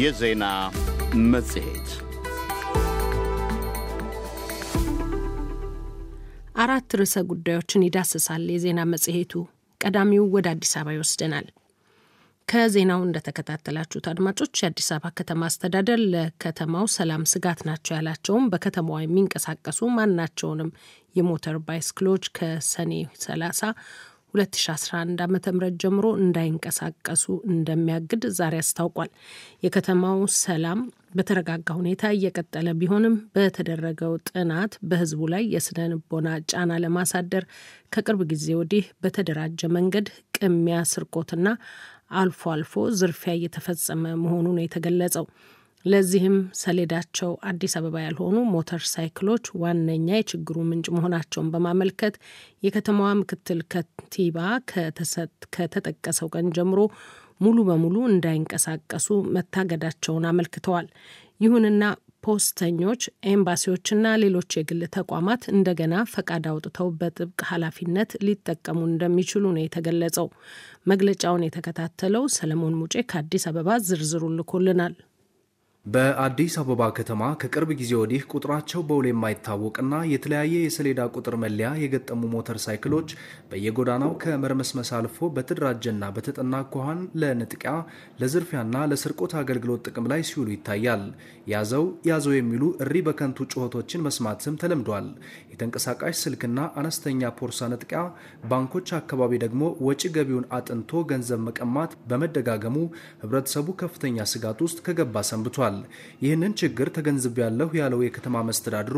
የዜና መጽሔት አራት ርዕሰ ጉዳዮችን ይዳስሳል። የዜና መጽሔቱ ቀዳሚው ወደ አዲስ አበባ ይወስደናል። ከዜናው እንደተከታተላችሁት አድማጮች የአዲስ አበባ ከተማ አስተዳደር ለከተማው ሰላም ስጋት ናቸው ያላቸውም በከተማዋ የሚንቀሳቀሱ ማናቸውንም የሞተር ባይስክሎች ከሰኔ 30 2011 ዓ ም ጀምሮ እንዳይንቀሳቀሱ እንደሚያግድ ዛሬ አስታውቋል። የከተማው ሰላም በተረጋጋ ሁኔታ እየቀጠለ ቢሆንም በተደረገው ጥናት በህዝቡ ላይ የስነ ልቦና ጫና ለማሳደር ከቅርብ ጊዜ ወዲህ በተደራጀ መንገድ ቅሚያ፣ ስርቆትና አልፎ አልፎ ዝርፊያ እየተፈጸመ መሆኑ ነው የተገለጸው። ለዚህም ሰሌዳቸው አዲስ አበባ ያልሆኑ ሞተር ሳይክሎች ዋነኛ የችግሩ ምንጭ መሆናቸውን በማመልከት የከተማዋ ምክትል ከንቲባ ከተጠቀሰው ቀን ጀምሮ ሙሉ በሙሉ እንዳይንቀሳቀሱ መታገዳቸውን አመልክተዋል። ይሁንና ፖስተኞች፣ ኤምባሲዎችና ሌሎች የግል ተቋማት እንደገና ፈቃድ አውጥተው በጥብቅ ኃላፊነት ሊጠቀሙ እንደሚችሉ ነው የተገለጸው። መግለጫውን የተከታተለው ሰለሞን ሙጬ ከአዲስ አበባ ዝርዝሩ ልኮልናል። በአዲስ አበባ ከተማ ከቅርብ ጊዜ ወዲህ ቁጥራቸው በውል የማይታወቅና የተለያየ የሰሌዳ ቁጥር መለያ የገጠሙ ሞተር ሳይክሎች በየጎዳናው ከመርመስመስ አልፎ በተደራጀና በተጠና አኳኋን ለንጥቂያ ለዝርፊያና ለስርቆት አገልግሎት ጥቅም ላይ ሲውሉ ይታያል። ያዘው ያዘው የሚሉ እሪ በከንቱ ጩኸቶችን መስማትም ተለምዷል። የተንቀሳቃሽ ስልክና አነስተኛ ፖርሳ ንጥቂያ፣ ባንኮች አካባቢ ደግሞ ወጪ ገቢውን አጥንቶ ገንዘብ መቀማት በመደጋገሙ ህብረተሰቡ ከፍተኛ ስጋት ውስጥ ከገባ ሰንብቷል። ይቀጥላል። ይህንን ችግር ተገንዝቤያለሁ ያለው የከተማ መስተዳድሩ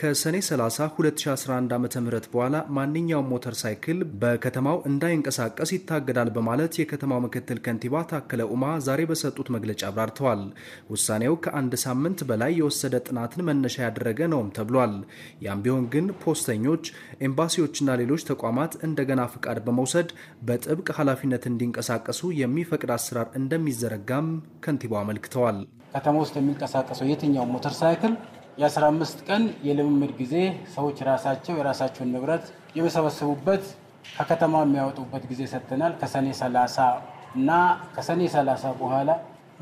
ከሰኔ 30 2011 ዓ ም በኋላ ማንኛውም ሞተር ሳይክል በከተማው እንዳይንቀሳቀስ ይታገዳል በማለት የከተማው ምክትል ከንቲባ ታከለ ኡማ ዛሬ በሰጡት መግለጫ አብራርተዋል። ውሳኔው ከአንድ ሳምንት በላይ የወሰደ ጥናትን መነሻ ያደረገ ነውም ተብሏል። ያም ቢሆን ግን ፖስተኞች፣ ኤምባሲዎችና ሌሎች ተቋማት እንደገና ፍቃድ በመውሰድ በጥብቅ ኃላፊነት እንዲንቀሳቀሱ የሚፈቅድ አሰራር እንደሚዘረጋም ከንቲባው አመልክተዋል። ከተማ ውስጥ የሚንቀሳቀሰው የትኛው ሞተር ሳይክል የ15 ቀን የልምምድ ጊዜ ሰዎች ራሳቸው የራሳቸውን ንብረት የመሰበሰቡበት ከከተማ የሚያወጡበት ጊዜ ሰጥተናል። ከሰኔ 30 እና ከሰኔ 30 በኋላ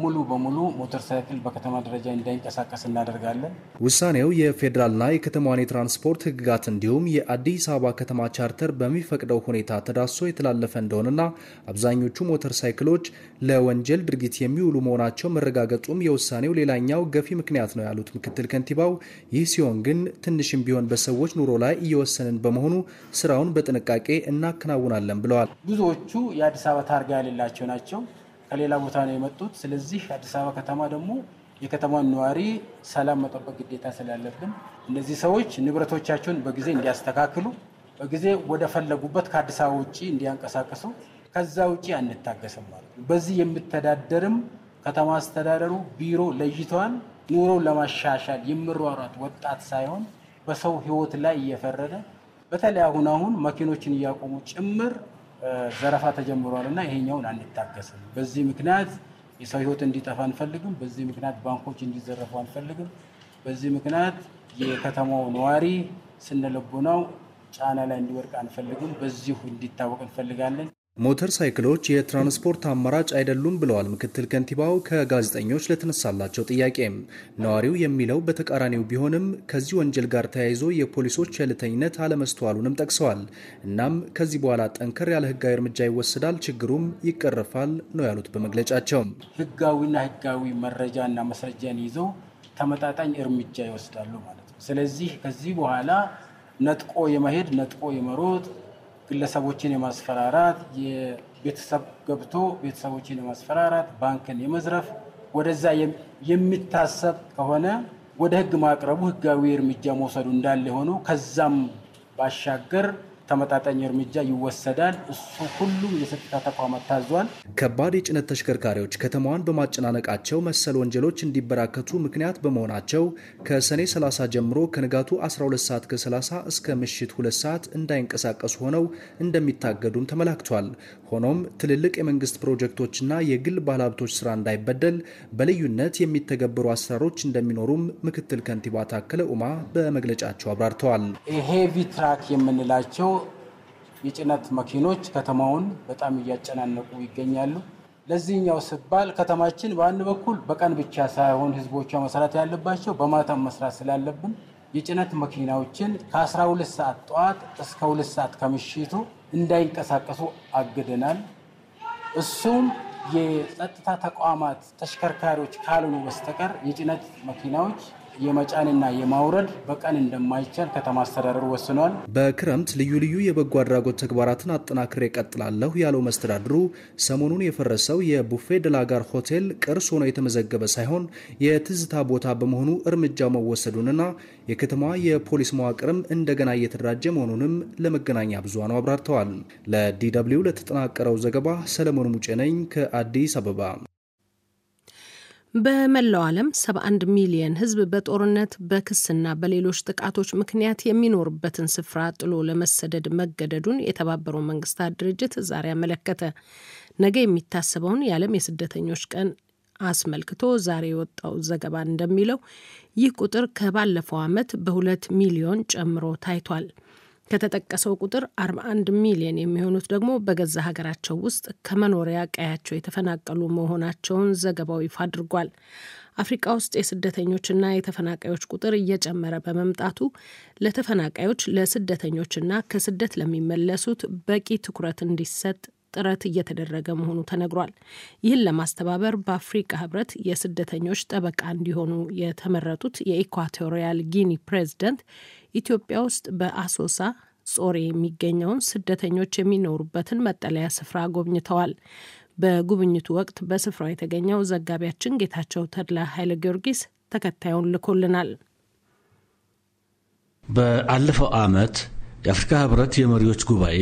ሙሉ በሙሉ ሞተር ሳይክል በከተማ ደረጃ እንዳይንቀሳቀስ እናደርጋለን። ውሳኔው የፌዴራልና የከተማዋን የትራንስፖርት ህግጋት እንዲሁም የአዲስ አበባ ከተማ ቻርተር በሚፈቅደው ሁኔታ ተዳሶ የተላለፈ እንደሆነና አብዛኞቹ ሞተር ሳይክሎች ለወንጀል ድርጊት የሚውሉ መሆናቸው መረጋገጡም የውሳኔው ሌላኛው ገፊ ምክንያት ነው ያሉት ምክትል ከንቲባው፣ ይህ ሲሆን ግን ትንሽም ቢሆን በሰዎች ኑሮ ላይ እየወሰንን በመሆኑ ስራውን በጥንቃቄ እናከናውናለን ብለዋል። ብዙዎቹ የአዲስ አበባ ታርጋ የሌላቸው ናቸው። ከሌላ ቦታ ነው የመጡት። ስለዚህ አዲስ አበባ ከተማ ደግሞ የከተማን ነዋሪ ሰላም መጠበቅ ግዴታ ስላለብን እነዚህ ሰዎች ንብረቶቻቸውን በጊዜ እንዲያስተካክሉ በጊዜ ወደፈለጉበት ከአዲስ አበባ ውጭ እንዲያንቀሳቀሱ ከዛ ውጭ አንታገስም ማለት ነው። በዚህ የሚተዳደርም ከተማ አስተዳደሩ ቢሮ ለይቷን ኑሮውን ለማሻሻል የሚሯሯጥ ወጣት ሳይሆን በሰው ህይወት ላይ እየፈረደ በተለይ አሁን አሁን መኪኖችን እያቆሙ ጭምር ዘረፋ ተጀምሯል እና ይሄኛውን አንታገስም። በዚህ ምክንያት የሰው ህይወት እንዲጠፋ አንፈልግም። በዚህ ምክንያት ባንኮች እንዲዘረፉ አንፈልግም። በዚህ ምክንያት የከተማው ነዋሪ ስነልቦናው ጫና ላይ እንዲወድቅ አንፈልግም። በዚሁ እንዲታወቅ እንፈልጋለን። ሞተር ሳይክሎች የትራንስፖርት አማራጭ አይደሉም ብለዋል ምክትል ከንቲባው ከጋዜጠኞች ለተነሳላቸው ጥያቄ። ነዋሪው የሚለው በተቃራኒው ቢሆንም ከዚህ ወንጀል ጋር ተያይዞ የፖሊሶች ቸልተኝነት አለመስተዋሉንም ጠቅሰዋል። እናም ከዚህ በኋላ ጠንከር ያለ ሕጋዊ እርምጃ ይወስዳል፣ ችግሩም ይቀረፋል ነው ያሉት። በመግለጫቸው ሕጋዊና ሕጋዊ መረጃና መስረጃን ይዘው ተመጣጣኝ እርምጃ ይወስዳሉ ማለት ነው። ስለዚህ ከዚህ በኋላ ነጥቆ የመሄድ ነጥቆ የመሮጥ ግለሰቦችን የማስፈራራት የቤተሰብ ገብቶ ቤተሰቦችን የማስፈራራት ባንክን የመዝረፍ ወደዛ የሚታሰብ ከሆነ ወደ ህግ ማቅረቡ ህጋዊ እርምጃ መውሰዱ እንዳለ ሆኖ ከዛም ባሻገር ተመጣጣኝ እርምጃ ይወሰዳል። እሱ ሁሉም የጸጥታ ተቋማት ታዟል። ከባድ የጭነት ተሽከርካሪዎች ከተማዋን በማጨናነቃቸው መሰል ወንጀሎች እንዲበራከቱ ምክንያት በመሆናቸው ከሰኔ 30 ጀምሮ ከንጋቱ 12 ሰዓት ከ30 እስከ ምሽት 2 ሰዓት እንዳይንቀሳቀሱ ሆነው እንደሚታገዱም ተመላክቷል። ሆኖም ትልልቅ የመንግስት ፕሮጀክቶችና የግል ባለሀብቶች ስራ እንዳይበደል በልዩነት የሚተገበሩ አሰራሮች እንደሚኖሩም ምክትል ከንቲባ ታከለ ኡማ በመግለጫቸው አብራርተዋል። ሄቪ ትራክ የምንላቸው የጭነት መኪኖች ከተማውን በጣም እያጨናነቁ ይገኛሉ። ለዚህኛው ስባል ከተማችን በአንድ በኩል በቀን ብቻ ሳይሆን ህዝቦቿ መስራት ያለባቸው በማታም መስራት ስላለብን የጭነት መኪናዎችን ከ12 ሰዓት ጠዋት እስከ 2 ሰዓት ከምሽቱ እንዳይንቀሳቀሱ አግደናል። እሱም የጸጥታ ተቋማት ተሽከርካሪዎች ካልሆኑ በስተቀር የጭነት መኪናዎች የመጫንና የማውረድ በቀን እንደማይቻል ከተማ አስተዳደሩ ወስኗል። በክረምት ልዩ ልዩ የበጎ አድራጎት ተግባራትን አጠናክሬ እቀጥላለሁ ያለው መስተዳድሩ ሰሞኑን የፈረሰው የቡፌ ደላጋር ሆቴል ቅርስ ሆኖ የተመዘገበ ሳይሆን የትዝታ ቦታ በመሆኑ እርምጃው መወሰዱንና የከተማዋ የፖሊስ መዋቅርም እንደገና እየተደራጀ መሆኑንም ለመገናኛ ብዙሃኑ አብራርተዋል። ለዲ ደብልዩ ለተጠናቀረው ዘገባ ሰለሞን ሙጬ ነኝ ከአዲስ አበባ። በመላው ዓለም 71 ሚሊየን ሕዝብ በጦርነት በክስና በሌሎች ጥቃቶች ምክንያት የሚኖርበትን ስፍራ ጥሎ ለመሰደድ መገደዱን የተባበረው መንግስታት ድርጅት ዛሬ አመለከተ። ነገ የሚታሰበውን የዓለም የስደተኞች ቀን አስመልክቶ ዛሬ የወጣው ዘገባ እንደሚለው ይህ ቁጥር ከባለፈው ዓመት በሁለት ሚሊዮን ጨምሮ ታይቷል። ከተጠቀሰው ቁጥር 41 ሚሊዮን የሚሆኑት ደግሞ በገዛ ሀገራቸው ውስጥ ከመኖሪያ ቀያቸው የተፈናቀሉ መሆናቸውን ዘገባው ይፋ አድርጓል። አፍሪካ ውስጥ የስደተኞችና የተፈናቃዮች ቁጥር እየጨመረ በመምጣቱ ለተፈናቃዮች፣ ለስደተኞችና ከስደት ለሚመለሱት በቂ ትኩረት እንዲሰጥ ጥረት እየተደረገ መሆኑ ተነግሯል። ይህን ለማስተባበር በአፍሪቃ ህብረት የስደተኞች ጠበቃ እንዲሆኑ የተመረጡት የኢኳቶሪያል ጊኒ ፕሬዚደንት ኢትዮጵያ ውስጥ በአሶሳ ጾሬ የሚገኘውን ስደተኞች የሚኖሩበትን መጠለያ ስፍራ ጎብኝተዋል። በጉብኝቱ ወቅት በስፍራው የተገኘው ዘጋቢያችን ጌታቸው ተድላ ኃይለ ጊዮርጊስ ተከታዩን ልኮልናል። በአለፈው ዓመት የአፍሪካ ህብረት የመሪዎች ጉባኤ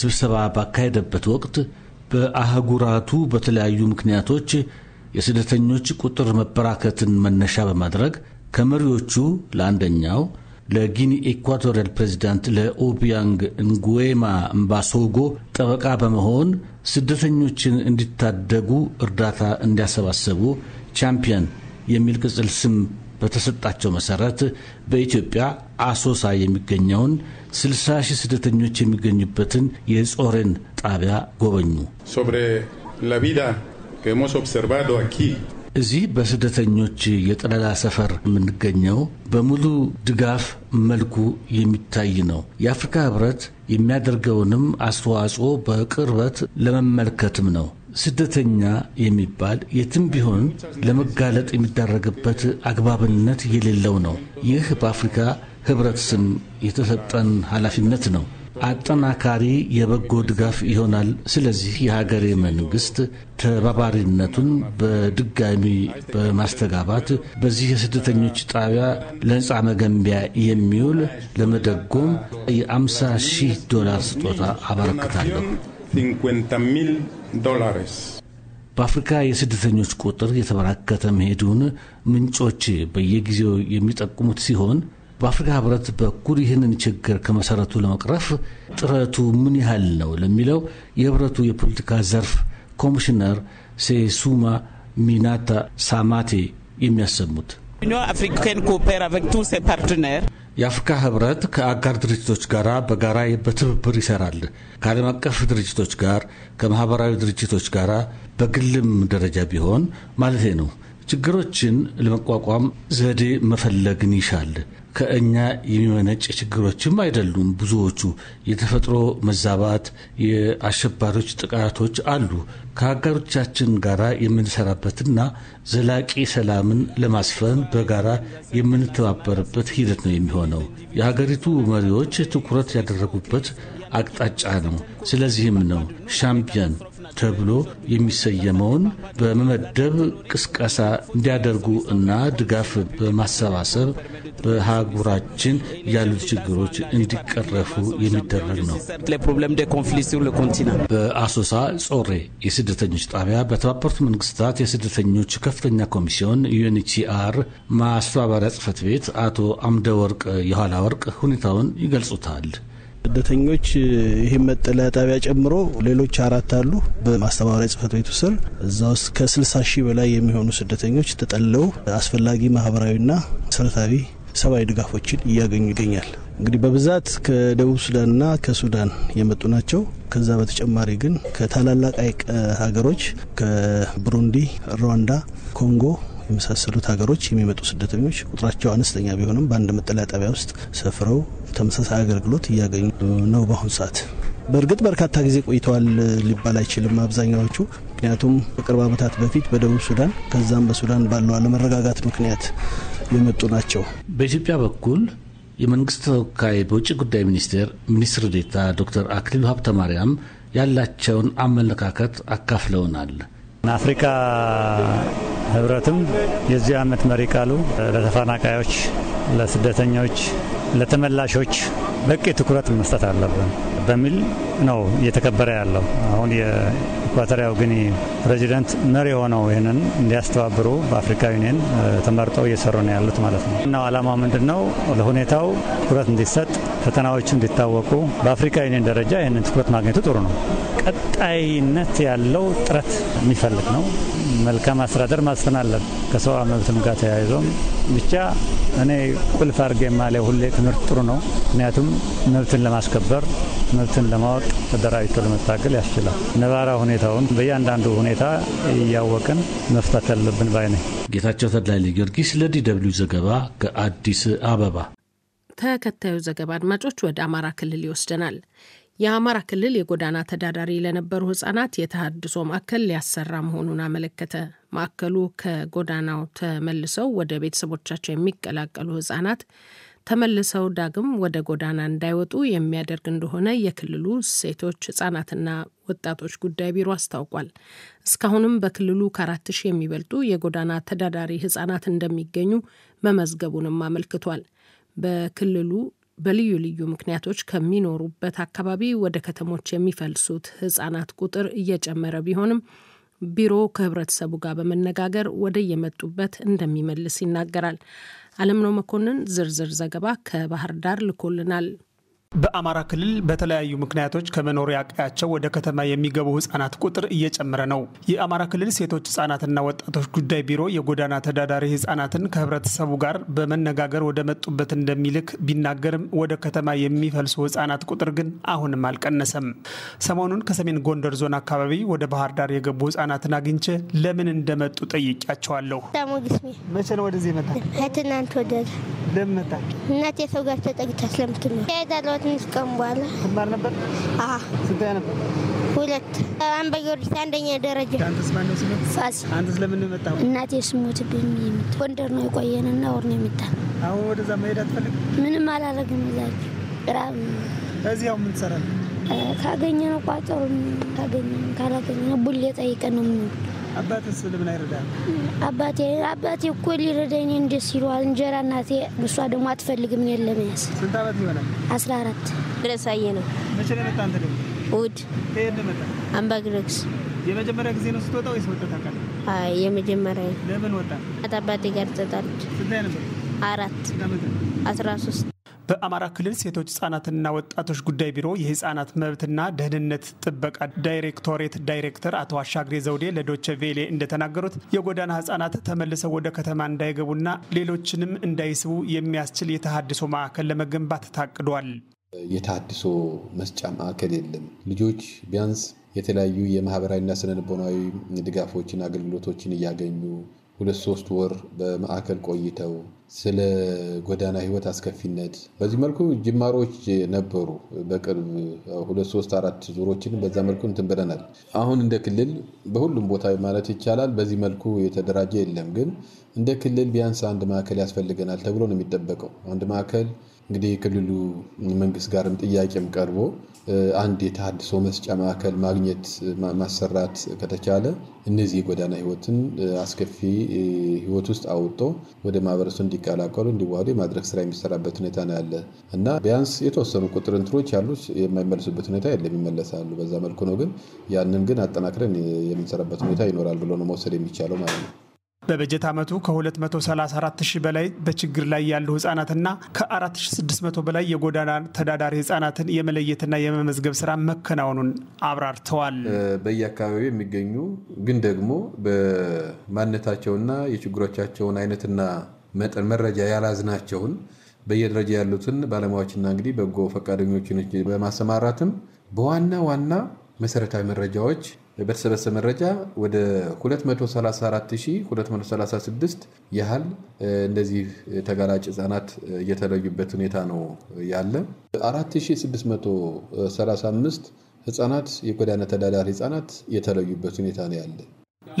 ስብሰባ ባካሄደበት ወቅት በአህጉራቱ በተለያዩ ምክንያቶች የስደተኞች ቁጥር መበራከትን መነሻ በማድረግ ከመሪዎቹ ለአንደኛው ለጊኒ ኢኳቶሪያል ፕሬዚዳንት ለኦቢያንግ ንጉዌማ እምባሶጎ ጠበቃ በመሆን ስደተኞችን እንዲታደጉ እርዳታ እንዲያሰባሰቡ ቻምፒየን የሚል ቅጽል ስም በተሰጣቸው መሰረት በኢትዮጵያ አሶሳ የሚገኘውን 60 ሺህ ስደተኞች የሚገኙበትን የጾሬን ጣቢያ ጎበኙ። ሶብሬ ላቪዳ ከሞስ ኦብሰርቫዶ አኪ እዚህ በስደተኞች የጠለላ ሰፈር የምንገኘው በሙሉ ድጋፍ መልኩ የሚታይ ነው። የአፍሪካ ህብረት የሚያደርገውንም አስተዋጽኦ በቅርበት ለመመልከትም ነው። ስደተኛ የሚባል የትም ቢሆን ለመጋለጥ የሚዳረግበት አግባብነት የሌለው ነው። ይህ በአፍሪካ ህብረት ስም የተሰጠን ኃላፊነት ነው። አጠናካሪ የበጎ ድጋፍ ይሆናል። ስለዚህ የሀገሬ መንግስት ተባባሪነቱን በድጋሚ በማስተጋባት በዚህ የስደተኞች ጣቢያ ለህንፃ መገንቢያ የሚውል ለመደጎም የአምሳ ሺህ ዶላር ስጦታ አበረክታለሁ። በአፍሪካ የስደተኞች ቁጥር የተበራከተ መሄዱን ምንጮች በየጊዜው የሚጠቁሙት ሲሆን በአፍሪካ ህብረት በኩል ይህንን ችግር ከመሰረቱ ለመቅረፍ ጥረቱ ምን ያህል ነው ለሚለው የህብረቱ የፖለቲካ ዘርፍ ኮሚሽነር ሴሱማ ሚናታ ሳማቴ የሚያሰሙት የአፍሪካ ህብረት ከአጋር ድርጅቶች ጋር በጋራ በትብብር ይሰራል። ከዓለም አቀፍ ድርጅቶች ጋር፣ ከማህበራዊ ድርጅቶች ጋር፣ በግልም ደረጃ ቢሆን ማለት ነው። ችግሮችን ለመቋቋም ዘዴ መፈለግን ይሻል። ከእኛ የሚመነጭ ችግሮችም አይደሉም። ብዙዎቹ የተፈጥሮ መዛባት፣ የአሸባሪዎች ጥቃቶች አሉ። ከአጋሮቻችን ጋር የምንሰራበትና ዘላቂ ሰላምን ለማስፈን በጋራ የምንተባበርበት ሂደት ነው የሚሆነው። የሀገሪቱ መሪዎች ትኩረት ያደረጉበት አቅጣጫ ነው። ስለዚህም ነው ሻምፒየን ተብሎ የሚሰየመውን በመመደብ ቅስቀሳ እንዲያደርጉ እና ድጋፍ በማሰባሰብ በሀጉራችን ያሉት ችግሮች እንዲቀረፉ የሚደረግ ነው። በአሶሳ ጾሬ የስደተኞች ጣቢያ በተባበሩት መንግስታት የስደተኞች ከፍተኛ ኮሚሲዮን ዩኤንኤችሲአር ማስተባበሪያ ጽህፈት ቤት አቶ አምደ ወርቅ የኋላ ወርቅ ሁኔታውን ይገልጹታል። ስደተኞች ይህም መጠለያ ጣቢያ ጨምሮ ሌሎች አራት አሉ በማስተባበሪያ ጽህፈት ቤቱ ስር። እዛ ውስጥ ከ60 ሺህ በላይ የሚሆኑ ስደተኞች ተጠለው አስፈላጊ ማህበራዊና መሰረታዊ ሰብአዊ ድጋፎችን እያገኙ ይገኛል። እንግዲህ በብዛት ከደቡብ ሱዳንና ከሱዳን የመጡ ናቸው። ከዛ በተጨማሪ ግን ከታላላቅ ሀይቅ ሀገሮች ከቡሩንዲ፣ ሩዋንዳ፣ ኮንጎ የመሳሰሉት ሀገሮች የሚመጡ ስደተኞች ቁጥራቸው አነስተኛ ቢሆንም በአንድ መጠለያ ጣቢያ ውስጥ ሰፍረው ተመሳሳይ አገልግሎት እያገኙ ነው በአሁኑ ሰዓት። በእርግጥ በርካታ ጊዜ ቆይተዋል ሊባል አይችልም አብዛኛዎቹ። ምክንያቱም ከቅርብ ዓመታት በፊት በደቡብ ሱዳን ከዛም በሱዳን ባለው አለመረጋጋት ምክንያት የመጡ ናቸው። በኢትዮጵያ በኩል የመንግስት ተወካይ በውጭ ጉዳይ ሚኒስቴር ሚኒስትር ዴታ ዶክተር አክሊሉ ሀብተ ማርያም ያላቸውን አመለካከት አካፍለውናል። አፍሪካ ህብረትም የዚህ ዓመት መሪ ቃሉ ለተፈናቃዮች፣ ለስደተኞች ለተመላሾች በቂ ትኩረት መስጠት አለብን በሚል ነው እየተከበረ ያለው። አሁን የኢኳቶሪያው ግኒ ፕሬዚደንት መሪ ሆነው ይህንን እንዲያስተባብሩ በአፍሪካ ዩኒየን ተመርጠው እየሰሩ ነው ያሉት ማለት ነው። እና አላማ ምንድን ነው? ለሁኔታው ትኩረት እንዲሰጥ፣ ፈተናዎቹ እንዲታወቁ፣ በአፍሪካ ዩኒየን ደረጃ ይህንን ትኩረት ማግኘቱ ጥሩ ነው። ቀጣይነት ያለው ጥረት የሚፈልግ ነው። መልካም አስተዳደር ማስፈን አለን ከሰው መብትም ጋር ተያይዞም ብቻ እኔ ቁልፍ አድርጌ የማለው ሁሌ ትምህርት ጥሩ ነው። ምክንያቱም መብትን ለማስከበር መብትን ለማወቅ ተደራጅቶ ለመታገል ያስችላል። ነባራ ሁኔታውን በእያንዳንዱ ሁኔታ እያወቅን መፍታት ያለብን ባይ ነኝ። ጌታቸው ተድላይ ጊዮርጊስ ለዲ ዘገባ ከአዲስ አበባ። ተከታዩ ዘገባ አድማጮች ወደ አማራ ክልል ይወስደናል። የአማራ ክልል የጎዳና ተዳዳሪ ለነበሩ ህጻናት የተሃድሶ ማዕከል ሊያሰራ መሆኑን አመለከተ። ማዕከሉ ከጎዳናው ተመልሰው ወደ ቤተሰቦቻቸው የሚቀላቀሉ ህጻናት ተመልሰው ዳግም ወደ ጎዳና እንዳይወጡ የሚያደርግ እንደሆነ የክልሉ ሴቶች ህጻናትና ወጣቶች ጉዳይ ቢሮ አስታውቋል። እስካሁንም በክልሉ ከአራት ሺህ የሚበልጡ የጎዳና ተዳዳሪ ህጻናት እንደሚገኙ መመዝገቡንም አመልክቷል። በክልሉ በልዩ ልዩ ምክንያቶች ከሚኖሩበት አካባቢ ወደ ከተሞች የሚፈልሱት ህጻናት ቁጥር እየጨመረ ቢሆንም ቢሮ ከህብረተሰቡ ጋር በመነጋገር ወደ የመጡበት እንደሚመልስ ይናገራል። አለምነው መኮንን ዝርዝር ዘገባ ከባህር ዳር ልኮልናል። በአማራ ክልል በተለያዩ ምክንያቶች ከመኖሪያ ቀያቸው ወደ ከተማ የሚገቡ ህጻናት ቁጥር እየጨመረ ነው። የአማራ ክልል ሴቶች ህጻናትና ወጣቶች ጉዳይ ቢሮ የጎዳና ተዳዳሪ ህጻናትን ከህብረተሰቡ ጋር በመነጋገር ወደ መጡበት እንደሚልክ ቢናገርም ወደ ከተማ የሚፈልሱ ህጻናት ቁጥር ግን አሁንም አልቀነሰም። ሰሞኑን ከሰሜን ጎንደር ዞን አካባቢ ወደ ባህር ዳር የገቡ ህጻናትን አግኝቼ ለምን እንደመጡ ጠይቂያቸዋለሁ። መቼ ነው ወደዚህ መጣ? ወደ ለምን መጣ? እናቴ ሰው ጋር ተጠግታ ስለምትኖር ከትንሽ ቀን በኋላ ትማር ነበር? ስንተኛ ነበር? ሁለት አምባ ጊዮርጊስ አንደኛ ደረጃ። አንተስ ለምን መጣህ? እናቴ ስሞትብኝ ጎንደር ነው የቆየንና ወር ነው የሚጣል። አሁን ወደዛ መሄድ አትፈልግም? ምንም አላረግም። እዛችሁ ራብ እዚያው ምን ትሰራለህ? ካገኘነው ቋጠሩ፣ ካገኘነው ካላገኘነው ቡሌ ጠይቀን ነው የምንውለው አባትስ ለምን አይረዳ? አባቴ አባቴ እኮ ሊረዳኝ እንደስ ይሏል። እንጀራ እናቴ እሷ ደግሞ አትፈልግም። የለም ያስ ስንት አመት ይሆናል? 14 አራት ድረሳዬ ነው። መቼ ነው መጣ? አንተ ደግሞ እሑድ ከየት ነው የመጣ? አምባግረግስ የመጀመሪያ ጊዜ ነው ስትወጣ ወይስ ወጣ ታውቃለህ? አይ የመጀመሪያ። ለምን ወጣ? አታባቴ ጋር ተጣልኩ። ስንት ነበር? አራት አስራ ሶስት በአማራ ክልል ሴቶች ህጻናትና ወጣቶች ጉዳይ ቢሮ የህጻናት መብትና ደህንነት ጥበቃ ዳይሬክቶሬት ዳይሬክተር አቶ አሻግሬ ዘውዴ ለዶቸ ቬሌ እንደተናገሩት የጎዳና ህጻናት ተመልሰው ወደ ከተማ እንዳይገቡና ሌሎችንም እንዳይስቡ የሚያስችል የተሃድሶ ማዕከል ለመገንባት ታቅዷል። የተሃድሶ መስጫ ማዕከል የለም። ልጆች ቢያንስ የተለያዩ የማህበራዊና ስነልቦናዊ ድጋፎችን፣ አገልግሎቶችን እያገኙ ሁለት ሶስት ወር በማዕከል ቆይተው ስለ ጎዳና ህይወት አስከፊነት በዚህ መልኩ ጅማሮች ነበሩ። በቅርብ ሁለት ሶስት አራት ዙሮችን በዛ መልኩ እንትን ብለናል። አሁን እንደ ክልል በሁሉም ቦታ ማለት ይቻላል በዚህ መልኩ የተደራጀ የለም። ግን እንደ ክልል ቢያንስ አንድ ማዕከል ያስፈልገናል ተብሎ ነው የሚጠበቀው። አንድ ማዕከል እንግዲህ የክልሉ መንግስት ጋርም ጥያቄም ቀርቦ አንድ የተሃድሶ መስጫ ማዕከል ማግኘት ማሰራት ከተቻለ እነዚህ የጎዳና ህይወትን አስከፊ ህይወት ውስጥ አውጦ ወደ ማህበረሰቡ እንዲቀላቀሉ እንዲዋሃዱ የማድረግ ስራ የሚሰራበት ሁኔታ ነው ያለ እና ቢያንስ የተወሰኑ ቁጥር እንትኖች ያሉት የማይመልሱበት ሁኔታ የለም፣ ይመለሳሉ። በዛ መልኩ ነው። ግን ያንን ግን አጠናክረን የምንሰራበት ሁኔታ ይኖራል ብሎ ነው መውሰድ የሚቻለው ማለት ነው። በበጀት ዓመቱ ከ234 ሺህ በላይ በችግር ላይ ያሉ ህጻናትና ከ4600 በላይ የጎዳና ተዳዳሪ ህጻናትን የመለየትና የመመዝገብ ስራ መከናወኑን አብራርተዋል። በየአካባቢው የሚገኙ ግን ደግሞ በማንነታቸውና የችግሮቻቸውን አይነትና መጠን መረጃ ያላዝናቸውን በየደረጃ ያሉትን ባለሙያዎችና እንግዲህ በጎ ፈቃደኞችን በማሰማራትም በዋና ዋና መሰረታዊ መረጃዎች በተሰበሰበ መረጃ ወደ 234236 ያህል እንደዚህ ተጋላጭ ህጻናት እየተለዩበት ሁኔታ ነው ያለ። 4635 ህጻናት የጎዳና ተዳዳሪ ህጻናት የተለዩበት ሁኔታ ነው ያለ።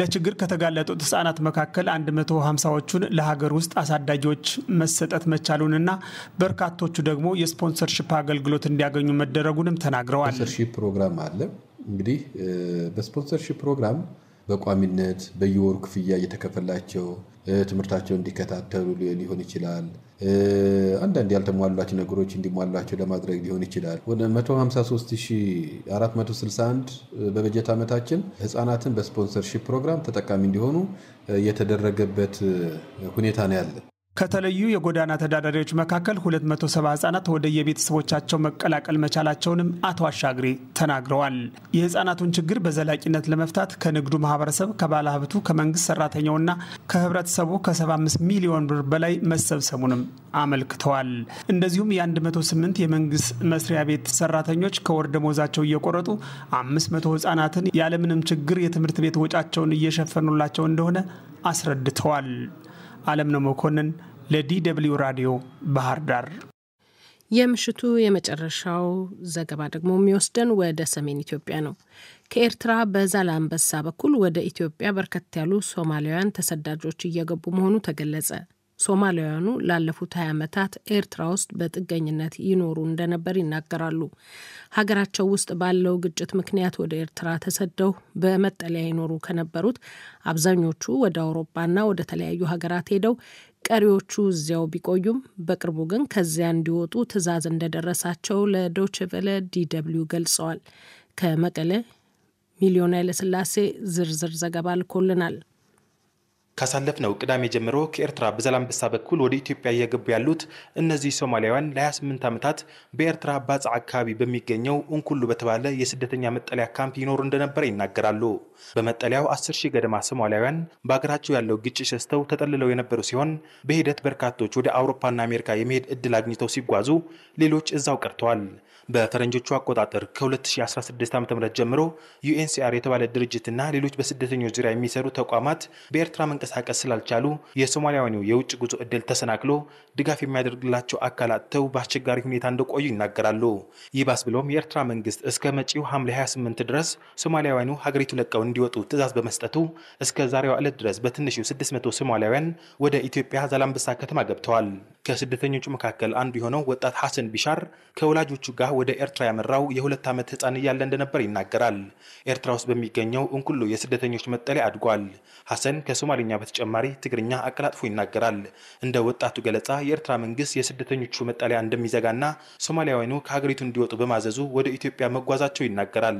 ለችግር ከተጋለጡት ህጻናት መካከል 150ዎቹን ለሀገር ውስጥ አሳዳጊዎች መሰጠት መቻሉንና በርካቶቹ ደግሞ የስፖንሰርሽፕ አገልግሎት እንዲያገኙ መደረጉንም ተናግረዋል። ስፖንሰርሺፕ ፕሮግራም አለ እንግዲህ በስፖንሰርሽፕ ፕሮግራም በቋሚነት በየወሩ ክፍያ እየተከፈላቸው ትምህርታቸውን እንዲከታተሉ ሊሆን ይችላል። አንዳንድ ያልተሟሏቸው ነገሮች እንዲሟሏቸው ለማድረግ ሊሆን ይችላል። ወደ 153461 በበጀት ዓመታችን ህፃናትን በስፖንሰርሽፕ ፕሮግራም ተጠቃሚ እንዲሆኑ የተደረገበት ሁኔታ ነው ያለ። ከተለዩ የጎዳና ተዳዳሪዎች መካከል 270 ህጻናት ወደ የቤተሰቦቻቸው መቀላቀል መቻላቸውንም አቶ አሻግሬ ተናግረዋል። የህጻናቱን ችግር በዘላቂነት ለመፍታት ከንግዱ ማህበረሰብ፣ ከባለ ሀብቱ፣ ከመንግስት ሰራተኛውና ከህብረተሰቡ ከ75 ሚሊዮን ብር በላይ መሰብሰቡንም አመልክተዋል። እንደዚሁም የ108 የመንግስት መስሪያ ቤት ሰራተኞች ከወር ደመወዛቸው እየቆረጡ 500 ህጻናትን ያለምንም ችግር የትምህርት ቤት ወጫቸውን እየሸፈኑላቸው እንደሆነ አስረድተዋል። አለምነው መኮንን ለዲ ራዲዮ ባህር ዳር። የምሽቱ የመጨረሻው ዘገባ ደግሞ የሚወስደን ወደ ሰሜን ኢትዮጵያ ነው። ከኤርትራ በዛላንበሳ በኩል ወደ ኢትዮጵያ በርከት ያሉ ሶማሊያውያን ተሰዳጆች እየገቡ መሆኑ ተገለጸ። ሶማሊያውያኑ ላለፉት 20 ዓመታት ኤርትራ ውስጥ በጥገኝነት ይኖሩ እንደነበር ይናገራሉ። ሀገራቸው ውስጥ ባለው ግጭት ምክንያት ወደ ኤርትራ ተሰደው በመጠለያ ይኖሩ ከነበሩት አብዛኞቹ ወደ አውሮፓና ወደ ተለያዩ ሀገራት ሄደው ቀሪዎቹ እዚያው ቢቆዩም በቅርቡ ግን ከዚያ እንዲወጡ ትዕዛዝ እንደደረሳቸው ለዶችቨለ ዲደብሊው ገልጸዋል። ከመቀለ ሚሊዮን ኃይለስላሴ ዝርዝር ዘገባ ልኮልናል። ካሳለፍነው ቅዳሜ ጀምሮ ከኤርትራ በዛላምበሳ በኩል ወደ ኢትዮጵያ እየገቡ ያሉት እነዚህ ሶማሊያውያን ለ28 ዓመታት በኤርትራ ባጻ አካባቢ በሚገኘው እንኩሉ በተባለ የስደተኛ መጠለያ ካምፕ ይኖሩ እንደነበረ ይናገራሉ። በመጠለያው 10 ሺህ ገደማ ሶማሊያውያን በአገራቸው ያለው ግጭት ሸስተው ተጠልለው የነበሩ ሲሆን በሂደት በርካቶች ወደ አውሮፓና አሜሪካ የመሄድ እድል አግኝተው ሲጓዙ፣ ሌሎች እዛው ቀርተዋል። በፈረንጆቹ አቆጣጠር ከ2016 ዓ ም ጀምሮ ዩኤንሲአር የተባለ ድርጅትና ሌሎች በስደተኞች ዙሪያ የሚሰሩ ተቋማት በኤርትራ መንቀሳቀስ ስላልቻሉ የሶማሊያውያኑ የውጭ ጉዞ እድል ተሰናክሎ ድጋፍ የሚያደርግላቸው አካል አጥተው በአስቸጋሪ ሁኔታ እንደቆዩ ይናገራሉ። ይባስ ብሎም የኤርትራ መንግስት እስከ መጪው ሐምሌ 28 ድረስ ሶማሊያውያኑ ሀገሪቱ ለቀው እንዲወጡ ትዕዛዝ በመስጠቱ እስከ ዛሬዋ ዕለት ድረስ በትንሹ 600 ሶማሊያውያን ወደ ኢትዮጵያ ዛላምበሳ ከተማ ገብተዋል። ከስደተኞቹ መካከል አንዱ የሆነው ወጣት ሐሰን ቢሻር ከወላጆቹ ጋር ወደ ኤርትራ ያመራው የሁለት ዓመት ህፃን እያለ እንደነበር ይናገራል። ኤርትራ ውስጥ በሚገኘው እንኩሉ የስደተኞች መጠለያ አድጓል። ሐሰን ከሶማሊኛ ከአማርኛ በተጨማሪ ትግርኛ አቀላጥፎ ይናገራል። እንደ ወጣቱ ገለጻ የኤርትራ መንግስት የስደተኞቹ መጠለያ እንደሚዘጋና ሶማሊያውያኑ ከሀገሪቱ እንዲወጡ በማዘዙ ወደ ኢትዮጵያ መጓዛቸው ይናገራል።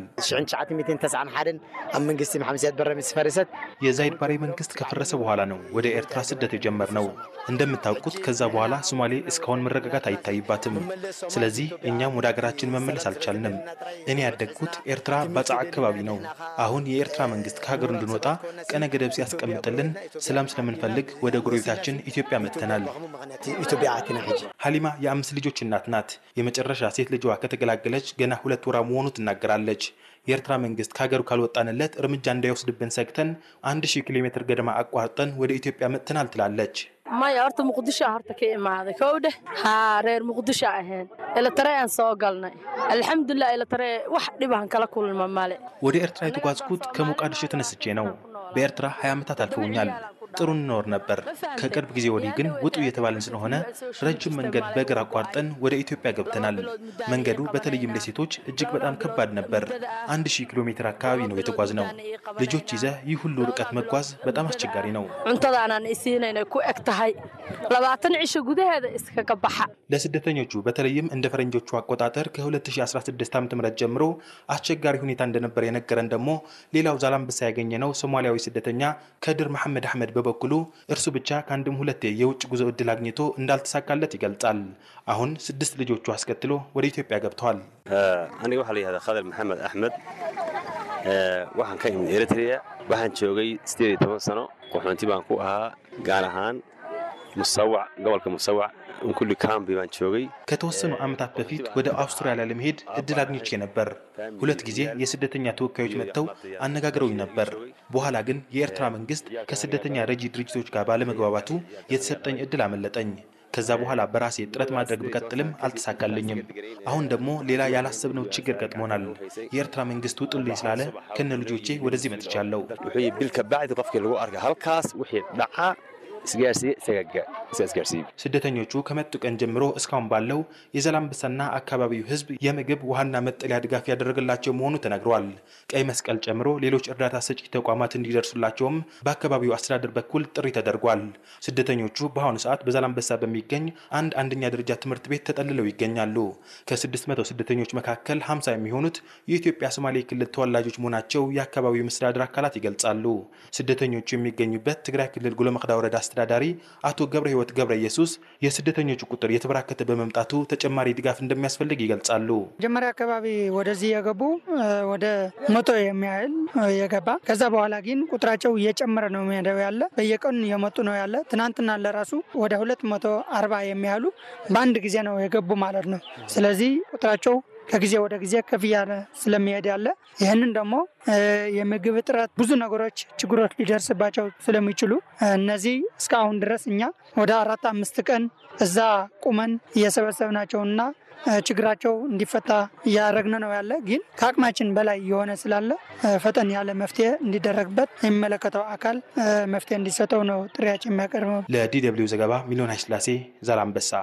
ኣብ መንግስቲ በረ ምስ የዛይድ ባሬ መንግስት ከፈረሰ በኋላ ነው ወደ ኤርትራ ስደት የጀመር ነው። እንደምታውቁት ከዛ በኋላ ሶማሌ እስካሁን መረጋጋት አይታይባትም። ስለዚህ እኛም ወደ ሀገራችን መመለስ አልቻልንም። እኔ ያደግኩት ኤርትራ ባጻ አካባቢ ነው። አሁን የኤርትራ መንግስት ከሀገሩ እንድንወጣ ቀነ ገደብ ሲያስቀምጥልን ሰላም ስለምንፈልግ ወደ ጎረቤታችን ኢትዮጵያ መጥተናል። ሀሊማ የአምስት ልጆች እናት ናት። የመጨረሻ ሴት ልጇ ከተገላገለች ገና ሁለት ወራ መሆኑ ትናገራለች። የኤርትራ መንግስት ከሀገሩ ካልወጣንለት እርምጃ እንዳይወስድብን ሰግተን አንድ ሺህ ኪሎ ሜትር ገደማ አቋርጠን ወደ ኢትዮጵያ መጥተናል ትላለች። ወደ ኤርትራ የተጓዝኩት ከሞቃዲሾ ተነስቼ ነው። በኤርትራ 20 ዓመታት አልፈውኛል። ጥሩ እንኖር ነበር። ከቅርብ ጊዜ ወዲህ ግን ውጡ እየተባልን ስለሆነ ረጅም መንገድ በእግር አቋርጠን ወደ ኢትዮጵያ ገብተናል። መንገዱ በተለይም ለሴቶች እጅግ በጣም ከባድ ነበር። አንድ ሺህ ኪሎ ሜትር አካባቢ ነው የተጓዝ ነው። ልጆች ይዘህ ይህ ሁሉ ርቀት መጓዝ በጣም አስቸጋሪ ነው። ለስደተኞቹ በተለይም እንደ ፈረንጆቹ አቆጣጠር ከ2016 ዓ.ም ጀምሮ አስቸጋሪ ሁኔታ እንደነበር የነገረን ደግሞ ሌላው ዛላምበሳ ያገኘ ነው ሶማሊያዊ ስደተኛ ከድር መሐመድ አህመድ በበኩሉ እርሱ ብቻ ከአንድም ሁለቴ የውጭ ጉዞ እድል አግኝቶ እንዳልተሳካለት ይገልጻል። አሁን ስድስት ልጆቹ አስከትሎ ወደ ኢትዮጵያ ገብተዋል። አኒ ዋ ከደር መሐመድ አሕመድ ቾገይ ከተወሰኑ ዓመታት በፊት ወደ አውስትራሊያ ለመሄድ እድል አግኝቼ ነበር። ሁለት ጊዜ የስደተኛ ተወካዮች መጥተው አነጋግረውኝ ነበር። በኋላ ግን የኤርትራ መንግስት ከስደተኛ ረጂ ድርጅቶች ጋር ባለመግባባቱ የተሰጠኝ እድል አመለጠኝ። ከዛ በኋላ በራሴ ጥረት ማድረግ ብቀጥልም አልተሳካልኝም። አሁን ደግሞ ሌላ ያላሰብነው ችግር ገጥሞናል። የኤርትራ መንግስት ውጡልኝ ስላለ ከነ ልጆቼ ወደዚህ መጥቻለሁ። ስደተኞቹ ከመጡ ቀን ጀምሮ እስካሁን ባለው የዘላንበሳና አካባቢው ህዝብ የምግብ ውሃና መጠለያ ድጋፍ ያደረገላቸው መሆኑ ተነግሯል። ቀይ መስቀል ጨምሮ ሌሎች እርዳታ ሰጪ ተቋማት እንዲደርሱላቸውም በአካባቢው አስተዳደር በኩል ጥሪ ተደርጓል። ስደተኞቹ በአሁኑ ሰዓት በዛላንበሳ በሚገኝ አንድ አንደኛ ደረጃ ትምህርት ቤት ተጠልለው ይገኛሉ። ከ600 ስደተኞች መካከል 50 የሚሆኑት የኢትዮጵያ ሶማሌ ክልል ተወላጆች መሆናቸው የአካባቢው መስተዳድር አካላት ይገልጻሉ። ስደተኞቹ የሚገኙበት ትግራይ ክልል ጉሎመቅዳ ወረዳ አስተዳዳሪ አቶ ገብረ ህይወት ገብረ ኢየሱስ የስደተኞቹ ቁጥር የተበራከተ በመምጣቱ ተጨማሪ ድጋፍ እንደሚያስፈልግ ይገልጻሉ። መጀመሪያ አካባቢ ወደዚህ የገቡ ወደ መቶ የሚያህል የገባ ከዛ በኋላ ግን ቁጥራቸው እየጨመረ ነው የሚሄደው ያለ በየቀኑ እየመጡ ነው ያለ ትናንትና ለራሱ ወደ ሁለት መቶ አርባ የሚያህሉ በአንድ ጊዜ ነው የገቡ ማለት ነው። ስለዚህ ቁጥራቸው ከጊዜ ወደ ጊዜ ከፍ እያለ ስለሚሄድ ያለ ይህንን ደግሞ የምግብ እጥረት ብዙ ነገሮች ችግሮች ሊደርስባቸው ስለሚችሉ እነዚህ እስካሁን ድረስ እኛ ወደ አራት አምስት ቀን እዛ ቁመን እየሰበሰብናቸውና ችግራቸው እንዲፈታ እያደረግን ነው ያለ። ግን ከአቅማችን በላይ የሆነ ስላለ ፈጠን ያለ መፍትሄ እንዲደረግበት የሚመለከተው አካል መፍትሄ እንዲሰጠው ነው ጥሪያችን የሚያቀርበው። ለዲ ደብልዩ ዘገባ ሚሊዮን ኃይለሥላሴ ዛላምበሳ